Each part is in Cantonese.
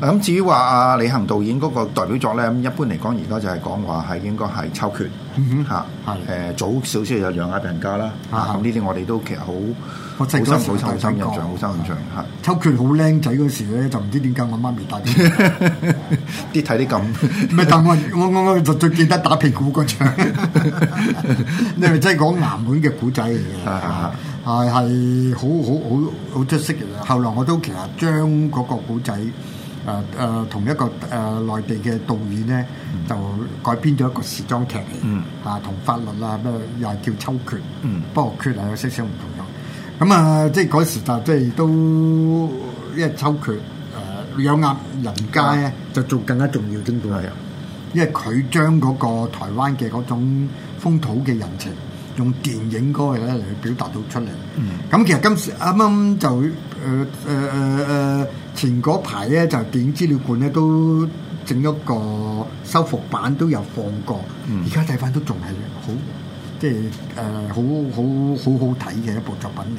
咁至於話阿李行導演嗰個代表作咧，咁一般嚟講，而家就係講話係應該係秋決嚇，誒早少少有養鴨人家啦。咁呢啲我哋都其實好，好深好深印象，好深印象。秋決好靚仔嗰時咧，就唔知點解我媽咪帶啲啲睇啲咁，但我我我我最記得打屁股嗰場。你咪真係講南門嘅古仔嚟嘅，係、係好好好好出色嘅。後來我都其實將嗰個古仔。誒誒、呃，同一個誒內、呃、地嘅導演咧，嗯、就改編咗一個時裝劇，嚇、嗯啊、同法律啊咩，又係叫秋決，嗯、不過秋決係有些少少唔同樣。咁、嗯、啊，即係嗰時就即係都因為秋決誒、呃、有啱人街咧，就做更加重要嘅程度。嗯、因為佢將嗰個台灣嘅嗰種風土嘅人情，用電影歌個咧嚟去表達到出嚟。咁、嗯嗯嗯、其實今時啱啱就誒誒誒誒。呃呃呃呃呃呃。前嗰排咧就電影資料館咧都整咗個修復版，都有放過。而家睇翻都仲係好即係誒好好好好睇嘅一部作品嚟，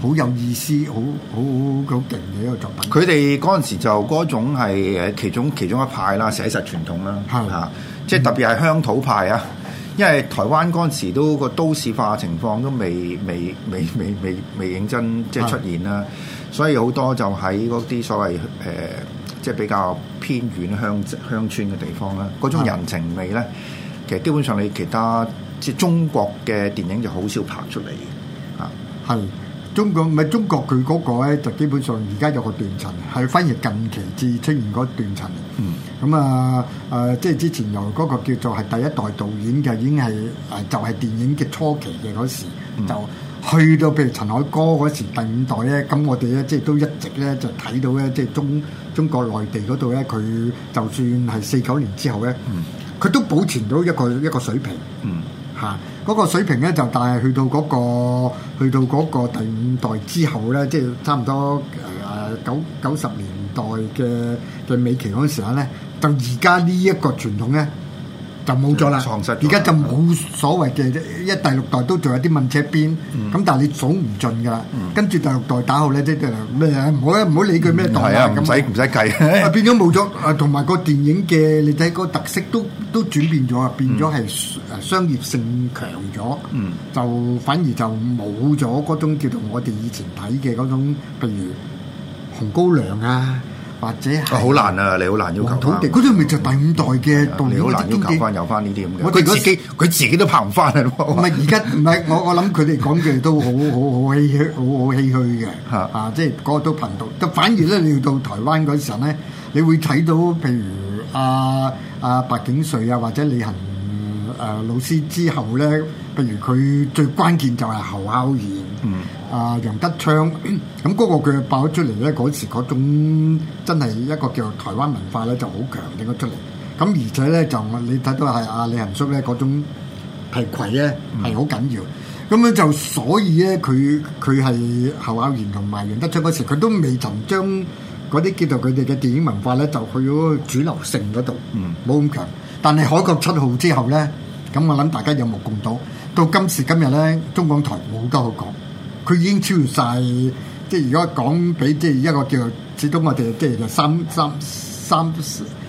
好、嗯、有意思，好好好勁嘅一個作品。佢哋嗰陣時就嗰種係其中其中一派啦，寫實傳統啦嚇、嗯啊，即係特別係鄉土派啊，因為台灣嗰陣時都個都市化情況都未未未未未未未未未認真即係出現啦。所以好多就喺嗰啲所謂誒、呃，即係比較偏遠鄉鄉村嘅地方啦。嗰種人情味咧，是其實基本上你其他即係中國嘅電影就好少拍出嚟啊，係中國唔係中國佢嗰個咧，就基本上而家有個斷層，係反而近期至出現嗰斷層。嗯。咁啊誒，即係之前由嗰個叫做係第一代導演嘅，已經係誒就係、是、電影嘅初期嘅嗰時、嗯、就。去到譬如陳凱歌嗰時第五代咧，咁我哋咧即係都一直咧就睇到咧，即係中中國內地嗰度咧，佢就算係四九年之後咧，佢、嗯、都保存到一個一、嗯啊個水平。嗯，嚇嗰個水平咧，就但係去到嗰、嗰個去到嗰個第五代之後咧，即係差唔多誒九九十年代嘅嘅尾期嗰陣時咧，就而家呢一個傳統咧。就冇咗啦，而家就冇所謂嘅一第六代都仲有啲問尺邊，咁、嗯、但係你數唔盡噶啦。嗯、跟住第六代打後咧，即係咩、呃嗯、啊？唔好唔好理佢咩代啦，唔使唔使計。 變咗冇咗，同埋個電影嘅你睇個特色都都轉變咗，變咗係誒商業性強咗，嗯、就反而就冇咗嗰種叫做我哋以前睇嘅嗰種，譬如紅高粱啊。或者好難啊！你好難要求啊！嗰啲咪就第五代嘅動搖，你好難要求翻有翻呢啲咁嘅。佢自己佢自己都拍唔翻啊！唔係而家唔係，我我諗佢哋講嘅都好好好唏噓，好好唏噓嘅嚇啊！即係個個都頻道。就反而咧，你到台灣嗰陣咧，你會睇到譬如阿、啊、阿、啊、白景瑞啊，或者李行誒老師之後咧，譬如佢最關鍵就係侯孝賢。嗯。啊，uh, 楊德昌咁嗰、 嗰個佢爆咗出嚟咧，嗰時嗰種真係一個叫台灣文化咧就好強整咗出嚟，咁而且咧就你睇到係阿李行叔咧嗰種提攜咧係好緊要，咁樣、嗯、就所以咧佢佢係侯孝賢同埋楊德昌嗰時佢都未曾將嗰啲叫做佢哋嘅電影文化咧就去咗主流性嗰度，嗯，冇咁強。但係《海角七號》之後咧，咁我諗大家有目共睹，到今時今日咧，中港台冇交好講。佢已經超晒，即係如果講比即係一個叫做始終我哋即係就三三三，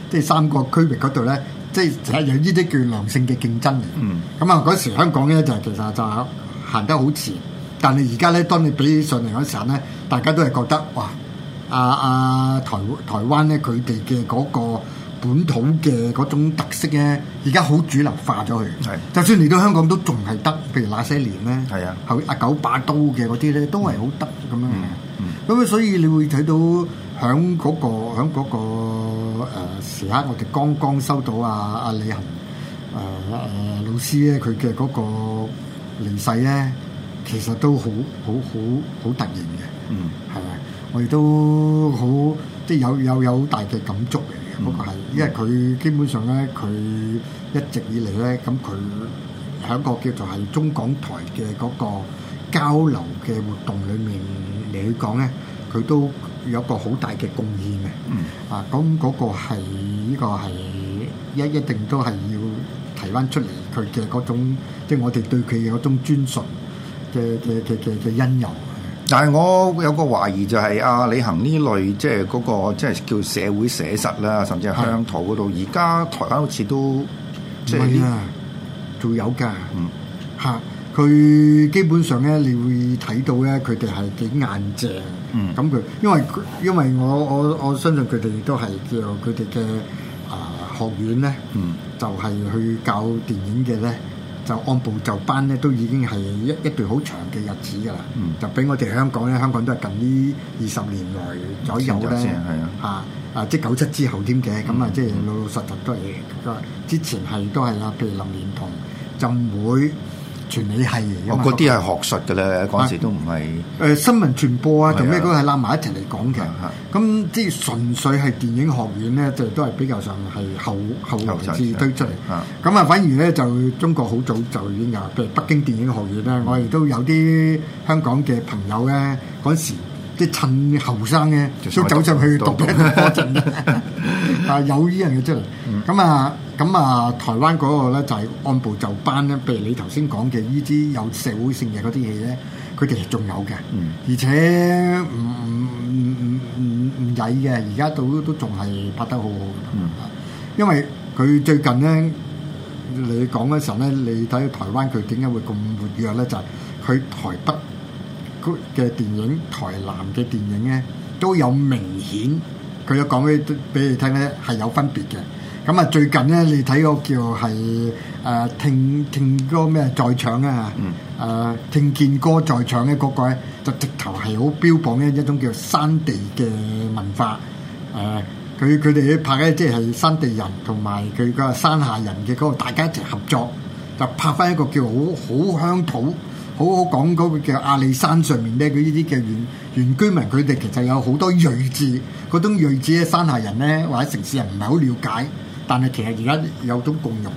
即係三個區域嗰度咧，即係實有呢啲叫良性嘅競爭。嗯，咁啊嗰時香港咧就其實就行得好遲，但係而家咧當你比上嚟嗰時候咧，大家都係覺得哇，啊啊，台台灣咧佢哋嘅嗰個。本土嘅嗰種特色咧，而家好主流化咗佢。係，是的 就算嚟到香港都仲係得，譬如那些年咧，係啊是的，後阿九把刀嘅嗰啲咧都係好得咁樣，嗯，咁啊，所以你會睇到響嗰、嗰個喺嗰個誒時刻，我哋剛剛收到啊阿、啊、李行誒誒老師咧，佢嘅嗰個離世咧，其實都好好好好突然嘅。嗯，係咪？我哋都好即係有有有好大嘅感觸。嗰個係，嗯、因為佢基本上咧，佢一直以嚟咧，咁佢喺個叫做係中港台嘅嗰個交流嘅活動裏面嚟講咧，佢都有個好大嘅貢獻嘅。嗯。啊、嗯，咁嗰個係呢個係一一定都係要提翻出嚟，佢嘅嗰種即係我哋對佢有種尊崇嘅嘅嘅嘅嘅因由。但係我有個懷疑就係阿、啊、李行呢類即係嗰、那個即係叫社會寫實啦，甚至係鄉土嗰度。而家的台灣好似都唔係、嗯、啊，仲有㗎。嗯，嚇佢基本上咧，你會睇到咧，佢哋係幾硬正。嗯，咁佢因為因為我我我相信佢哋都係叫佢哋嘅啊學院咧。嗯，就係去教電影嘅咧。就按部就班咧，都已經係一一段好長嘅日子㗎啦。嗯、就俾我哋香港咧，香港都係近呢二十年來左右咧，嚇、嗯、啊！即九七之後添嘅，咁啊、嗯，即老老實實都係之前係都係啦，譬如林連同浸會。傳理系嚟噶，我嗰啲係學術嘅咧，嗰、啊、時都唔係。誒、啊、新聞傳播啊，同咩嗰個係攬埋一齊嚟講嘅。咁即係純粹係電影學院咧，啊、就都係比較上係後後來至推出嚟。咁啊，反而咧就中國好早就已經有，譬如北京電影學院啦，啊、我亦都有啲香港嘅朋友咧，嗰時。即係趁後生咧，都，都走上去讀多陣。但有呢樣嘢出嚟，咁啊、嗯，咁啊，台灣嗰個咧就係、是、按部就班咧。譬如你頭先講嘅依啲有社會性嘅嗰啲戲咧，佢哋仲有嘅，嗯、而且唔唔唔唔曳嘅。而家都都仲係拍得好好。嗯，因為佢最近咧你講嘅時候咧，你睇台灣佢點解會咁活躍咧？就係、是、佢台北。嘅電影，台南嘅電影咧都有明顯，佢都講俾，俾你聽咧係有分別嘅。咁啊，最近咧你睇個叫係誒、呃、聽聽歌咩再唱啊，誒、嗯呃、聽見歌再唱咧嗰個咧就直頭係好標榜嘅一種叫山地嘅文化。誒、呃，佢佢哋拍嘅即係山地人同埋佢個山下人嘅嗰個大家一齊合作，就拍返一個叫好好鄉土。好好講嗰個叫阿里山上面咧，佢呢啲嘅原原居民佢哋其實有好多睿智，嗰種睿智嘅山下人咧或者城市人唔係好了解，但係其實而家有種共融，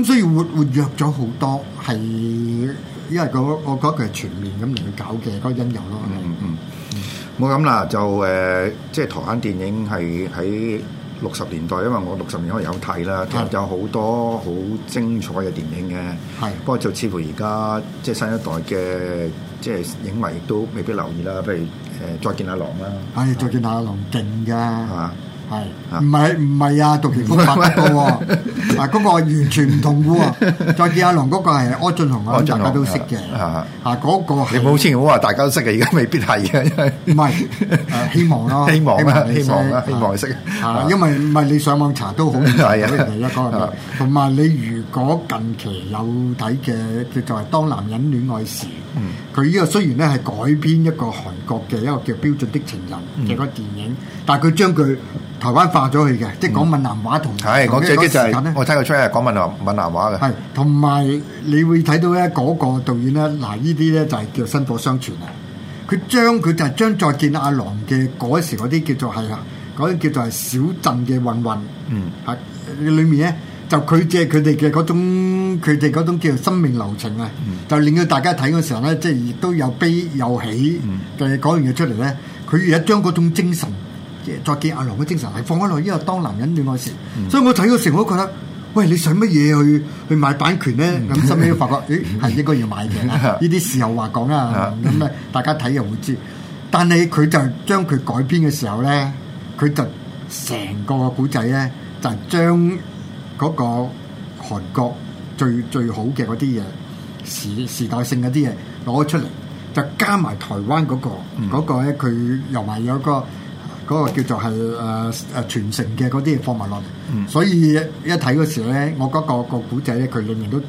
咁所以活活躍咗好多，係因為嗰、嗰個、我覺得佢係全面咁嚟去搞嘅嗰、嗰個因由咯。嗯嗯嗯，冇咁啦就誒、呃，即係台灣電影係喺。六十年代，因為我六十年代有睇啦，其實有好多好精彩嘅電影嘅。是的 不過就似乎而家即係新一代嘅即係影迷都未必留意啦。不如誒、呃，再見阿郎啦。唉、哎呀，的再見阿郎勁㗎。係，唔係唔係啊！杜琪峰拍嗰個，嗱嗰個完全唔同嘅喎，再見阿郎嗰個係柯俊雄啊，我諗大家都識嘅，嚇嗰個你冇千祈唔好話大家都識嘅，而家未必係嘅，唔係希望咯，希望希望希望識，因為咪你上網查都好易睇嘅第一個，同埋你如果近期有睇嘅叫做《當男人戀愛時》，佢呢個雖然咧係改編一個韓國嘅一個叫《標準的情人》嘅個電影，但係佢將佢。台灣化咗佢嘅，嗯、即係講閩南話係同。係講最激就係我睇佢出嚟講閩南閩南話嘅。係同埋你會睇到咧嗰個導演咧，嗱呢啲咧就係叫薪火相傳啊！佢將佢就係將《再見阿郎》嘅嗰時嗰啲叫做係啦，嗰啲叫做係小鎮嘅運運。嗯。係裏面咧就佢借佢哋嘅嗰種佢哋嗰種叫做生命流程啊，嗯、就令到大家睇嘅時候咧，即亦都有悲有喜。嗯。嘅、嗯、講完嘢出嚟咧，佢而家將嗰種精神。再見阿郎嘅精神係放開來，因為當男人戀愛時，嗯、所以我睇嗰時候我都覺得，喂，你想乜嘢去去買版權咧？咁後尾發覺，嗯、咦係應該要買嘅，呢啲事後話講啊，咁咧 大家睇又會知。但係佢就將佢改編嘅時候咧，佢就成個古仔咧就將嗰個韓國最最好嘅嗰啲嘢、時時代性嗰啲嘢攞出嚟，就加埋台灣嗰個嗰個咧，佢又埋有個。嗰個嗰個嗰個叫做係誒誒傳承嘅嗰啲放埋落，嚟、嗯，所以一睇嗰時咧，我嗰、嗰個、嗰個古仔咧，佢裏面都唔、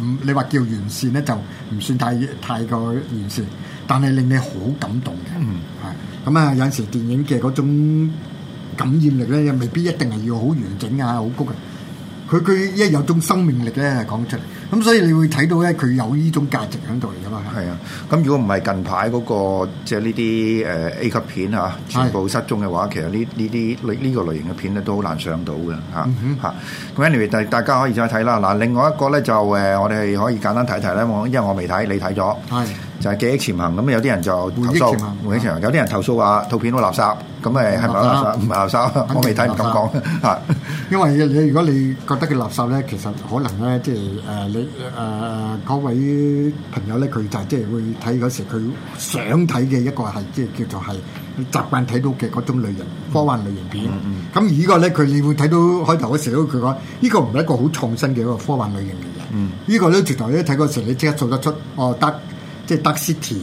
嗯、你話叫完善咧，就唔算太太過完善，但係令你好感動嘅，係咁啊！有時電影嘅嗰種感染力咧，又未必一定係要好完整啊，好高啊，佢佢一有種生命力咧，講出嚟。咁所以你會睇到咧，佢有呢種價值喺度嚟㗎嘛？係啊，咁如果唔係近排嗰、嗰個即係呢啲誒 A 級片啊，全部失蹤嘅話，是的 其實呢呢啲呢個類型嘅片咧都好難上到嘅嚇嚇。咁、嗯、哼 Anyway，大大家可以再睇啦。嗱，另外一個咧就誒，我哋係可以簡單睇睇咧。我因為我未睇，你睇咗。係。就係記憶潛行，咁有啲人就投訴，啊、有啲人投訴話、啊、套片好垃圾，咁誒係咪垃圾？唔係、啊、垃圾，垃圾 我未睇唔敢講嚇。因為你如果你覺得佢垃圾咧，其實可能咧即係誒你誒位朋友咧，佢就即係會睇嗰時佢想睇嘅一個係即係叫做係習慣睇到嘅嗰種類型、嗯、科幻類型片。咁依、嗯嗯、個咧佢你會睇到開頭嘅時候，佢講呢個唔係一個好創新嘅一個科幻類型嘅嘢。嗯，嗯這個、呢個咧直頭睇嗰時你即刻做得出，我、哦哦、得。即係《Dark City》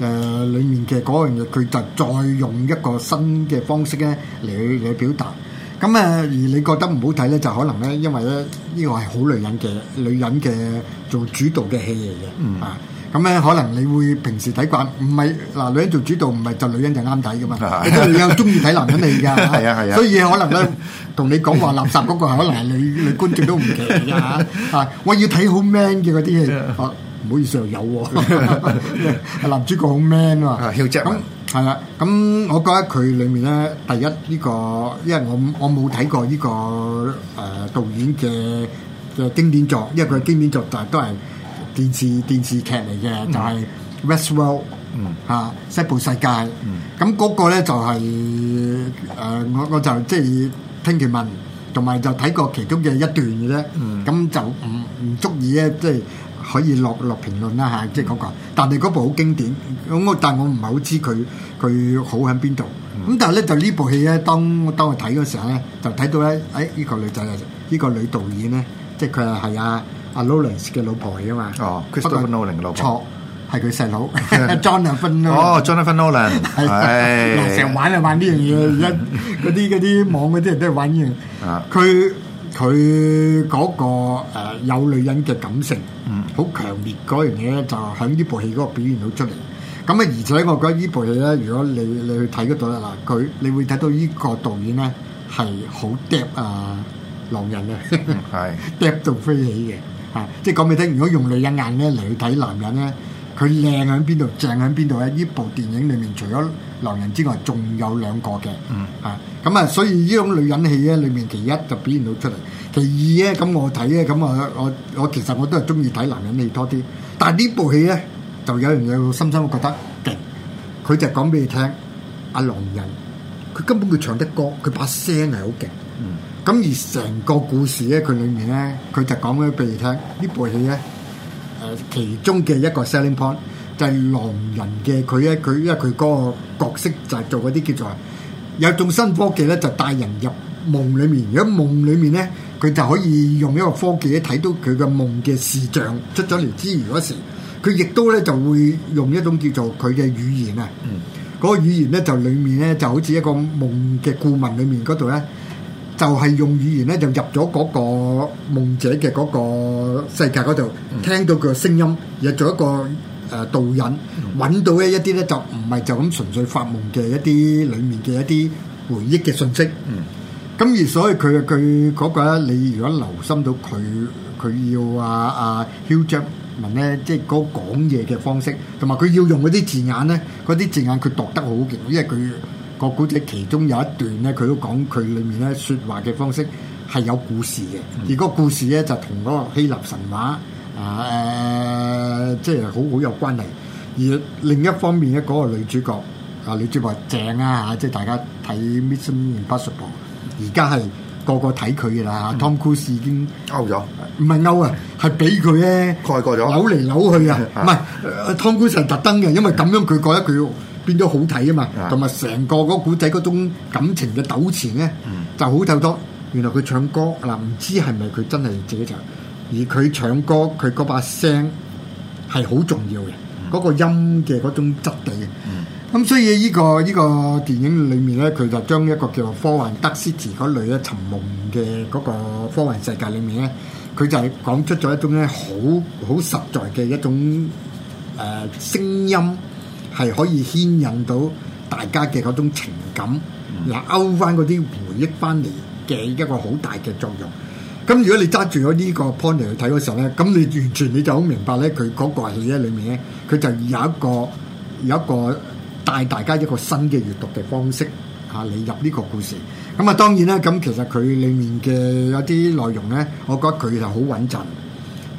誒裡面嘅嗰樣嘢，佢就再用一個新嘅方式咧嚟去嚟表達。咁誒，而你覺得唔好睇咧，就可能咧，因為咧呢個係好女人嘅女人嘅做主導嘅戲嚟嘅。嗯。啊，咁咧可能你會平時睇慣唔係嗱，女人做主導唔係就女人就啱睇噶嘛。嚇嚇。你又中意睇男人嚟㗎？係啊係啊。所以可能咧，同你講話垃圾嗰個可能係你你觀眾都唔奇嘅嚇啊！我要睇好 man 嘅嗰啲嘢。唔好意思，又有喎，男主角好 man 啊，咁係啦，咁我覺得佢裡面咧，第一呢個，因為我我冇睇過呢個誒導演嘅嘅經典作，因為佢經典作就係都係電視電視劇嚟嘅，就係 Westworld 嚇西部世界，咁嗰個咧就係誒我我就即係聽佢問，同埋就睇過其中嘅一段嘅啫，咁就唔唔足以咧，即係。可以落落評論啦嚇，即係嗰個。但係嗰部好經典，咁我、嗯 dad，嗯、但係我唔係好知佢佢好喺邊度。咁但係咧，就呢部戲咧、啊，當當我睇嗰時候咧，就睇到咧，誒呢個女仔啊，呢個女導演咧，即係佢係係阿阿 Lawrence 嘅老婆嚟啊嘛。哦，佢係 Lawrence 嘅老婆。錯，係佢細佬 John 芬啊。哦，John 芬 Lawrence 係成日玩就玩呢樣嘢，一 tuber ?，嗰啲嗰啲網嗰啲人都玩呢啊，佢。佢嗰、那個、呃、有女人嘅感性，嗯，好強烈嗰樣嘢咧，就喺呢部戲嗰個表現到出嚟。咁啊，而且我覺得呢部戲咧，如果你你去睇嗰度啦，嗱，佢你會睇到呢個導演咧係好嗲啊，狼人嘅，係嗲到飛起嘅，嚇！即係講俾你聽，如果用女人眼咧嚟去睇男人咧，佢靚喺邊度，正喺邊度咧？呢部電影裡面除咗～狼人之外，仲有兩個嘅，啊、嗯，咁啊，所以呢種女人戲咧，裡面其一就表現到出嚟，其二咧，咁我睇咧，咁我我我其實我都係中意睇男人戲多啲，但係呢部戲咧，就有人有個深深我覺得勁，佢就講俾你聽，阿、啊、狼人，佢根本佢唱嘅歌，佢把聲係好勁，咁、嗯、而成個故事咧，佢裡面咧，佢就講俾你聽，呢部戲咧，誒、呃、其中嘅一個 selling point。就係狼人嘅佢咧，佢因為佢嗰個角色就係做嗰啲叫做有一種新科技咧，就帶人入夢裡面。如果夢裡面咧，佢就可以用一個科技咧睇到佢嘅夢嘅視像出咗嚟。之餘嗰時，佢亦都咧就會用一種叫做佢嘅語言啊，嗰、嗯、個語言咧就裡面咧就好似一個夢嘅顧問裡面嗰度咧，就係、是、用語言咧就入咗嗰個夢者嘅嗰個世界嗰度，嗯、聽到佢嘅聲音，又做一個。誒、啊、導引揾到咧一啲咧就唔係就咁純粹發夢嘅一啲裡面嘅一啲回憶嘅信息。嗯，咁而所以佢佢嗰個咧，你如果留心到佢佢要啊啊 Hugh Jackman 咧，即係嗰講嘢嘅方式，同埋佢要用嗰啲字眼咧，嗰啲字眼佢讀得好勁，因為佢、嗰個古仔其中有一段咧，佢都講佢裡面咧説話嘅方式係有故事嘅。嗯、而個故事咧就同嗰個希臘神話。啊誒，uh, 即係好好有關係。而另一方面咧，嗰、那個女主角啊，女主角正啊嚇，即係大家睇《Mission Impossible》。而家係個個睇佢嘅啦，Tom Cruise 已經勾咗，唔係勾啊，係俾佢咧蓋過咗，扭嚟扭去啊，唔係 Tom Cruise 係特登嘅，因為咁樣佢覺得佢變咗好睇啊嘛，同埋成個嗰古仔嗰種感情嘅糾纏咧就好透。多、嗯。嗯、原來佢唱歌嗱，唔知係咪佢真係自己唱？而佢唱歌，佢把聲係好重要嘅，mm. 個音嘅種質地嘅。咁、mm. 嗯、所以呢、這個呢、這個電影裏面咧，佢就將一個叫做科幻《Doctor Strange》嗰類一層夢嘅嗰個科幻世界裏面咧，佢就係講出咗一種咧好好實在嘅一種誒、呃、聲音，係可以牽引到大家嘅嗰種情感，嗱、mm. 勾翻嗰啲回憶翻嚟嘅一個好大嘅作用。咁如果你揸住咗呢個 point 嚟去睇嘅時候咧，咁你完全你就好明白咧，佢嗰個戲咧裏面咧，佢就有一個有一個帶大家一個新嘅閱讀嘅方式嚇，嚟、啊、入呢個故事。咁啊當然啦，咁其實佢裡面嘅有啲內容咧，我覺得佢又好穩陣。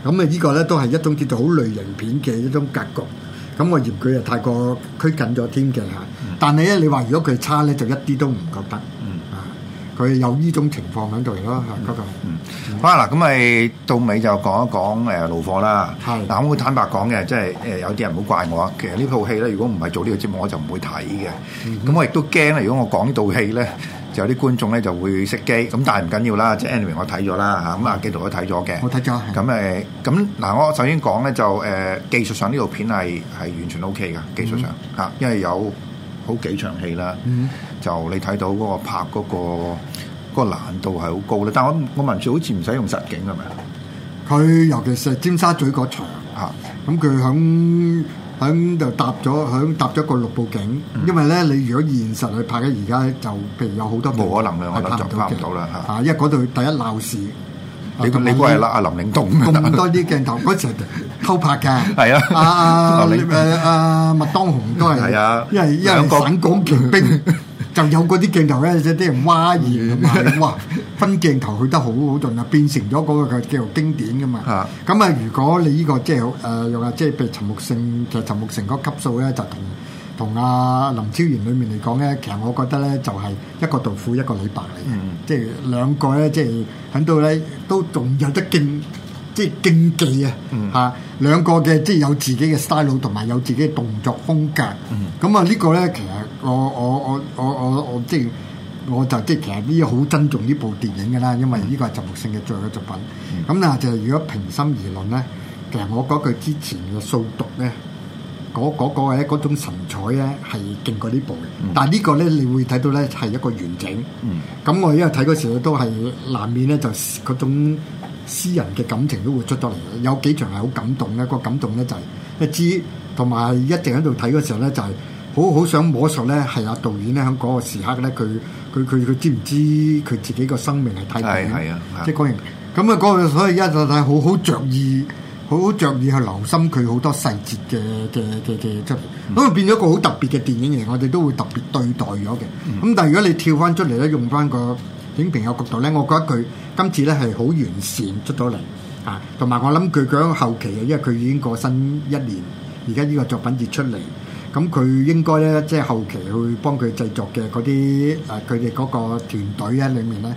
咁啊依、啊這個咧都係一種叫做好類型片嘅一種格局。咁、啊、我嫌佢又太過拘謹咗添嘅嚇。但係咧你話如果佢差咧，就一啲都唔覺得。嗯。佢有呢種情況喺度嚟咯，嚇，嗰度。嗯，好啦，嗱，咁咪到尾就講一講誒怒火啦。係，嗱，我會坦白講嘅，即係誒有啲人唔好怪我。其實呢套戲咧，如果唔係做呢個節目，我就唔會睇嘅。咁我亦都驚咧，如果我講呢套戲咧，就有啲觀眾咧就會熄機。咁但係唔緊要啦，即係 anyway，我睇咗啦嚇，咁阿紀導都睇咗嘅。我睇咗。咁誒，咁嗱，我首先講咧就誒技術上呢套片係係完全 OK 嘅技術上嚇，因為有。好幾場戲啦，嗯、就你睇到嗰個拍嗰、嗰個嗰難、嗰個、度係好高咧。但係我我文柱好似唔使用實景係咪？佢尤其是尖沙咀嗰場，咁佢響響度搭咗，響搭咗個綠布景。因為咧，你如果現實去拍嘅，而家就譬如有好多冇可能㗎，我諗就拍唔到啦嚇。啊，因為嗰度第一鬧事。你你嗰係啦，阿林嶺東咁多啲鏡頭嗰 時偷拍嘅。係啊，阿阿麥當雄都係啊，因為兩個 因為省港旗兵 就有嗰啲鏡頭咧，即啲人挖耳咁埋哇，分鏡頭去得好好盡啊，變成咗嗰個叫做經典噶嘛。咁啊，如果你呢、這個即係誒用啊，即係譬如陳木勝就陳木勝嗰級數咧，就同。同阿林超然裏面嚟講咧，其實我覺得咧就係一個杜甫一個李白嚟嘅，即係、嗯、兩個咧，即係喺度咧都仲有得競，即、就、係、是、競技、嗯、啊！嚇兩個嘅即係有自己嘅 style 同埋有自己嘅動作風格。咁啊呢個咧其實我我我我我我即係我就即、是、係其實呢好珍重呢部電影㗎啦，因為呢個係陳木勝嘅最後嘅作品。咁啊、嗯，就係如果平心而論咧，其實我覺得佢之前嘅掃毒咧。嗰嗰咧嗰種神采咧係勁過、嗯、呢部嘅，但係呢個咧你會睇到咧係一個完整。咁我、嗯、因為睇嗰時候都係難免咧就嗰種私人嘅感情都會出多嚟嘅。有幾場係好感動咧，嗰個感動咧就係一知同埋一直喺度睇嗰時候咧就係好好想摸索咧係阿導演咧喺嗰個時刻咧佢佢佢佢知唔知佢自己個生命係太短啊，即係嗰樣咁啊嗰樣，的個所以一就係好好着意。好着意去留心佢好多細節嘅嘅嘅嘅出，咁啊、mm hmm. 變咗一個好特別嘅電影嚟，我哋都會特別對待咗嘅。咁、mm hmm. 但係如果你跳翻出嚟咧，用翻個影評嘅角度咧，我覺得佢今次咧係好完善出到嚟嚇，同、啊、埋我諗佢講後期嘅，因為佢已經過身一年，而家呢個作品傑出嚟，咁佢應該咧即係後期去幫佢製作嘅嗰啲誒，佢哋嗰個團隊啊裡面咧。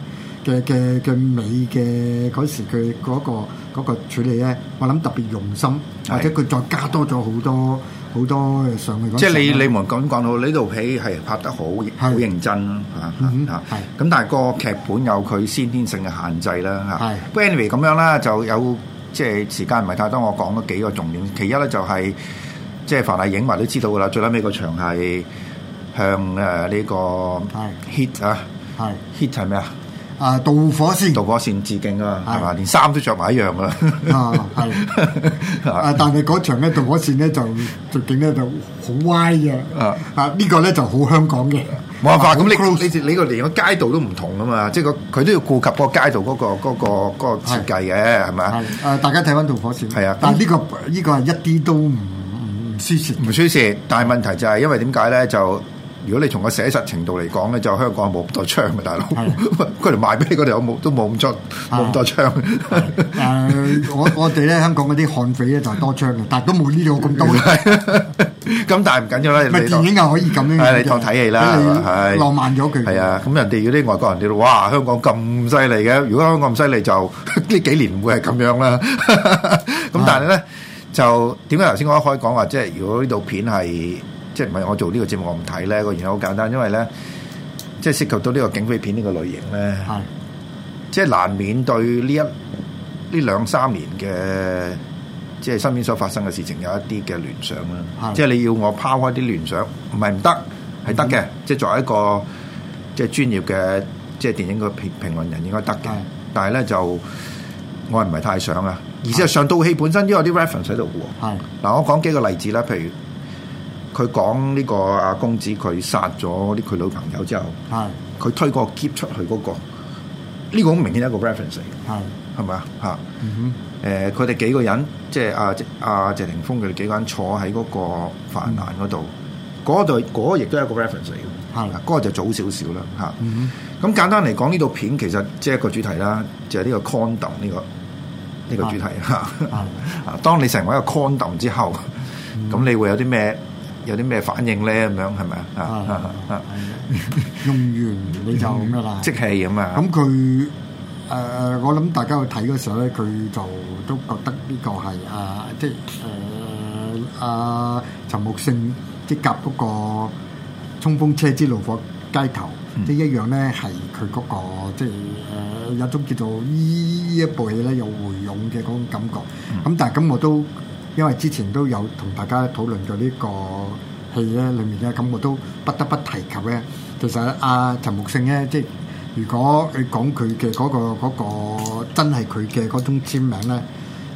嘅嘅嘅美嘅嗰時佢嗰個嗰個處理咧，我諗特別用心，或者佢再加多咗好多好多上去嗰啲。即係你你們咁講到呢套戲係拍得好好認真吓，嚇，咁，但係個劇本有佢先天性嘅限制啦。係，anyway 咁樣啦，就有即係時間唔係太多，我講咗幾個重點，其一咧就係，即係凡係影迷都知道㗎啦，最撚尾個場係向誒呢個 hit 啊，係 hit 係咩啊？啊！導火線，導火線致敬啊，係嘛？連衫都着埋一樣噶啦。啊，係。啊，但係嗰場咧，導火線咧就致敬咧就好歪嘅。啊啊！呢個咧就好香港嘅。冇辦法咁你你你個連個街道都唔同噶嘛？即係佢都要顧及個街道嗰個嗰個嗰個設計嘅係咪？啊！大家睇翻導火線。係啊，但係呢個呢個係一啲都唔唔輸蝕。唔輸蝕，但係問題就係因為點解咧就？如果你從個寫實程度嚟講咧，就香港冇咁多槍嘅大佬，咁佢嚟賣俾你嗰度，冇都冇咁多冇咁多槍。誒，我我哋咧香港嗰啲悍匪咧就係多槍嘅，但係都冇呢度咁多。咁但係唔緊要啦，唔係電影又可以咁樣。誒，你當睇戲啦，浪漫咗㗎。係啊，咁人哋嗰啲外國人啲，哇！香港咁犀利嘅，如果香港咁犀利，就呢幾年唔會係咁樣啦。咁但係咧，就點解頭先我一開講話，即係如果呢度片係？即係唔係我做呢個節目我唔睇咧個原因好簡單，因為咧即係涉及到呢個警匪片呢個類型咧，是的 即係難免對呢一呢兩三年嘅即係身邊所發生嘅事情有一啲嘅聯想啦。是的 即係你要我拋開啲聯想，唔係唔得，係得嘅。嗯、即係作為一個即係專業嘅即係電影嘅評評論人應該得嘅。是的 但係咧就我係唔係太想啊。而且上套戲本身都有啲 reference 喺度嘅。嗱是的、嗯、我講幾個例子啦，譬如。佢講呢個阿公子，佢殺咗啲佢女朋友之後，佢推個劍出去嗰個，呢個好明顯一個 reference 嘅，係咪啊？嚇，誒，佢哋幾個人，即係阿阿謝霆鋒佢哋幾個人坐喺嗰個飯壺嗰度，嗰度嗰亦都係一個 reference 嘅，係嗰個就早少少啦，嚇。咁簡單嚟講，呢套片其實即係一個主題啦，就係呢個 condom 呢個呢個主題嚇。啊，當你成為一個 condom 之後，咁你會有啲咩？有啲咩反應咧？咁樣係咪啊？用完你就點啦？即係咁啊！咁佢誒，我諗大家去睇嗰時候咧，佢就都覺得呢個係啊，即係誒啊陳木勝即係、就是、夾嗰個衝鋒車之怒火街頭，即係、嗯、一樣咧，係佢嗰個即係誒有種叫做依一部戲咧有回勇嘅嗰種感覺。咁、嗯、但係咁我都。因為之前都有同大家討論過呢個戲咧裡面咧，咁我都不得不提及咧。其實阿陳木勝咧，即係如果你講佢嘅嗰個嗰個真係佢嘅嗰種簽名咧，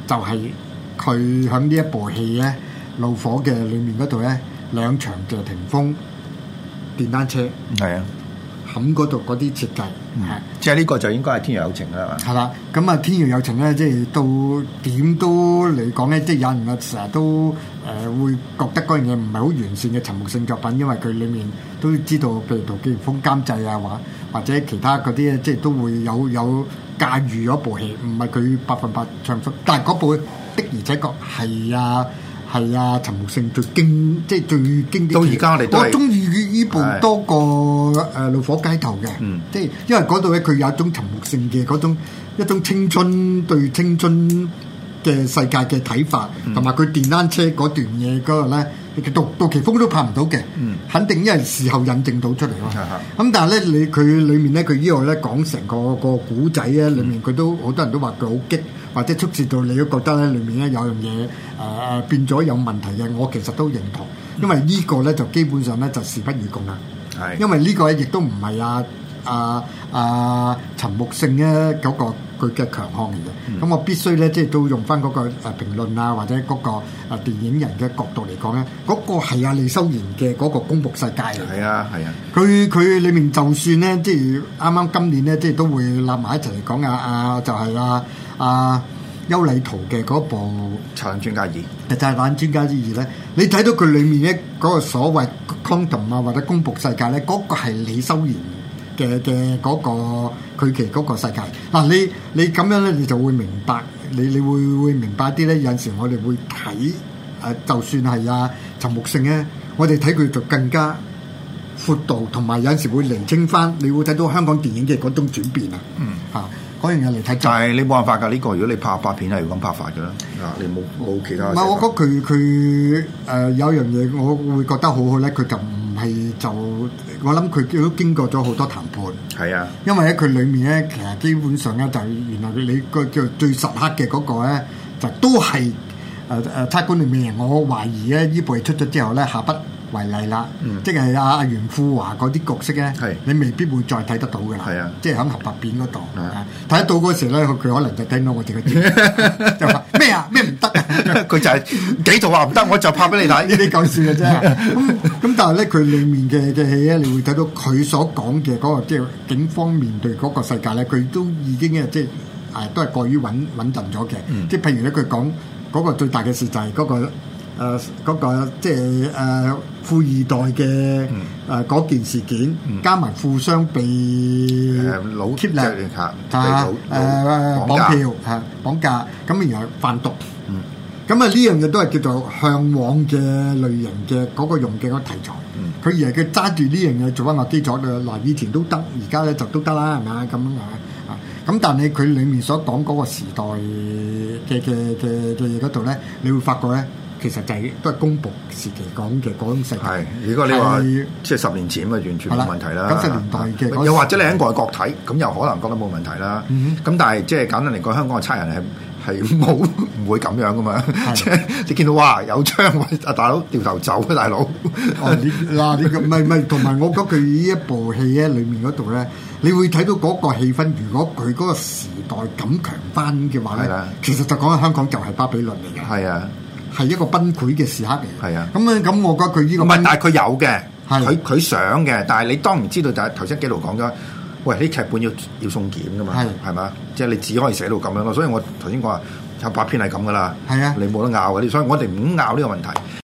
就係佢喺呢一部戲咧《怒火》嘅裡面嗰度咧兩場嘅霆鋒電單車係啊。冚嗰度嗰啲設計，即係呢個就應該係天若有情啦嘛。係啦，咁啊天若有情咧，即係到點都嚟講咧，即係有人係成日都誒、呃、會覺得嗰樣嘢唔係好完善嘅陳木勝作品，因為佢裡面都知道譬如杜建峰監製啊，或或者其他嗰啲即係都會有有介入嗰部戲，唔係佢百分百唱出，但係嗰部的而且確係啊。係啊，陳木勝最經即係最經典。到而家我哋都係我中意佢依部多過誒《怒是、呃、火街頭》嘅，嗯、即係因為嗰度咧，佢有一種陳木勝嘅嗰種一種青春對青春嘅世界嘅睇法，同埋佢電單車嗰段嘢嗰個咧，杜杜琪峯都拍唔到嘅，嗯、肯定因為事後引證到出嚟咯。咁是但係咧，你佢裡面咧，佢依個咧講成個個古仔啊，裡面佢都好多人都話佢好激。或者促發到你都覺得咧，裡面咧有樣嘢誒變咗有問題嘅，我其實都認同，因為個呢個咧就基本上咧就事不宜共啦。係的，因為呢個咧亦都唔係阿阿阿陳木勝咧嗰個佢嘅強項嚟嘅。咁的我必須咧即係都用翻嗰個誒評論啊，或者嗰個誒電影人嘅角度嚟講咧，嗰、那個係阿李修賢嘅嗰個公佈世界啊。啊，係啊。佢佢裡面就算咧，即係啱啱今年咧，即係都會立埋一齊嚟講啊啊，就係、是、啊。啊，邱禮濤嘅嗰部《拆彈專家二》啊，《就拆彈專家之二》咧，你睇到佢裏面咧嗰個所謂 condom 啊，或者公僕世界咧，嗰、那個係李修賢嘅嘅嗰個佢嘅嗰個世界。嗱、啊，你你咁樣咧，你就會明白，你你會你會明白啲咧。有陣時我哋會睇誒、啊，就算係啊，陳木勝咧，我哋睇佢就更加闊度，同埋有陣時會聆清翻，你會睇到香港電影嘅嗰種轉變、嗯、啊。嗯，嚇。嗰樣嘢嚟睇，就係你冇辦法㗎呢個。如果你拍拍片係咁拍法嘅咧，啊，你冇冇其他？唔係、嗯，我覺得佢佢誒有樣嘢，我會覺得好好咧。佢就唔係就，我諗佢都經過咗好多談判。係啊，因為喺佢裡面咧，其實基本上咧就係原來你個叫最實刻嘅嗰個咧，就都係誒誒，劇本裏面我懷疑咧呢部出咗之後咧，下筆。為例啦，嗯、即係阿阿袁富華嗰啲角色咧，是你未必會再睇得到噶啦。的即係喺合拍片嗰度睇到嗰時咧，佢可能就聽到我哋嘅字，就話咩啊咩唔得啊！佢、啊、 就係、是、幾套話唔得，我就拍俾你睇 呢啲搞事嘅啫。咁但係咧，佢裡面嘅嘅戲咧，你會睇到佢所講嘅嗰個即係、就是、警方面對嗰個世界咧，佢都已經即係誒都係過於穩穩陣咗嘅。即係譬如咧，佢講嗰個最大嘅事就係嗰、那個。誒，嗰個即係誒，富二代嘅誒，嗰件事件，加埋富商被老劫啦，係嘛？誒，綁票吓，綁架，咁然後販毒，咁啊呢樣嘢都係叫做嚮往嘅類型嘅嗰個用嘅個題材。佢而家佢揸住呢樣嘢做翻個基礎，嗱以前都得，而家咧就都得啦，係咪咁啊啊！咁但係佢裡面所講嗰個時代嘅嘅嘅嘅嘢嗰度咧，你會發覺咧。其實就係都係公佈時期講嘅嗰種情況。係，如果你話即係十年前咪完全冇問題啦。九十年代嘅，又或者你喺外國睇，咁又可能覺得冇問題啦。咁但係即係簡單嚟講，香港嘅差人係係冇唔會咁樣噶嘛。即係你見到哇有槍，阿大佬掉頭走啊，大佬。嗱，你唔係唔係？同埋我講佢呢一部戲咧，裡面嗰度咧，你會睇到嗰個氣氛。如果佢嗰個時代咁強翻嘅話咧，其實就講緊香港就係巴比倫嚟嘅。係啊。係一個崩潰嘅時刻嚟，係啊。咁咧，咁我覺得佢呢個問題，但係佢有嘅，係佢佢想嘅。但係你當然知道，就係頭先幾度講咗，喂啲劇本要要送檢噶嘛，係係嘛，即係你只可以寫到咁樣咯。所以我頭先講話有八篇係咁噶啦，係啊，你冇得拗嘅，所以我哋唔拗呢個問題。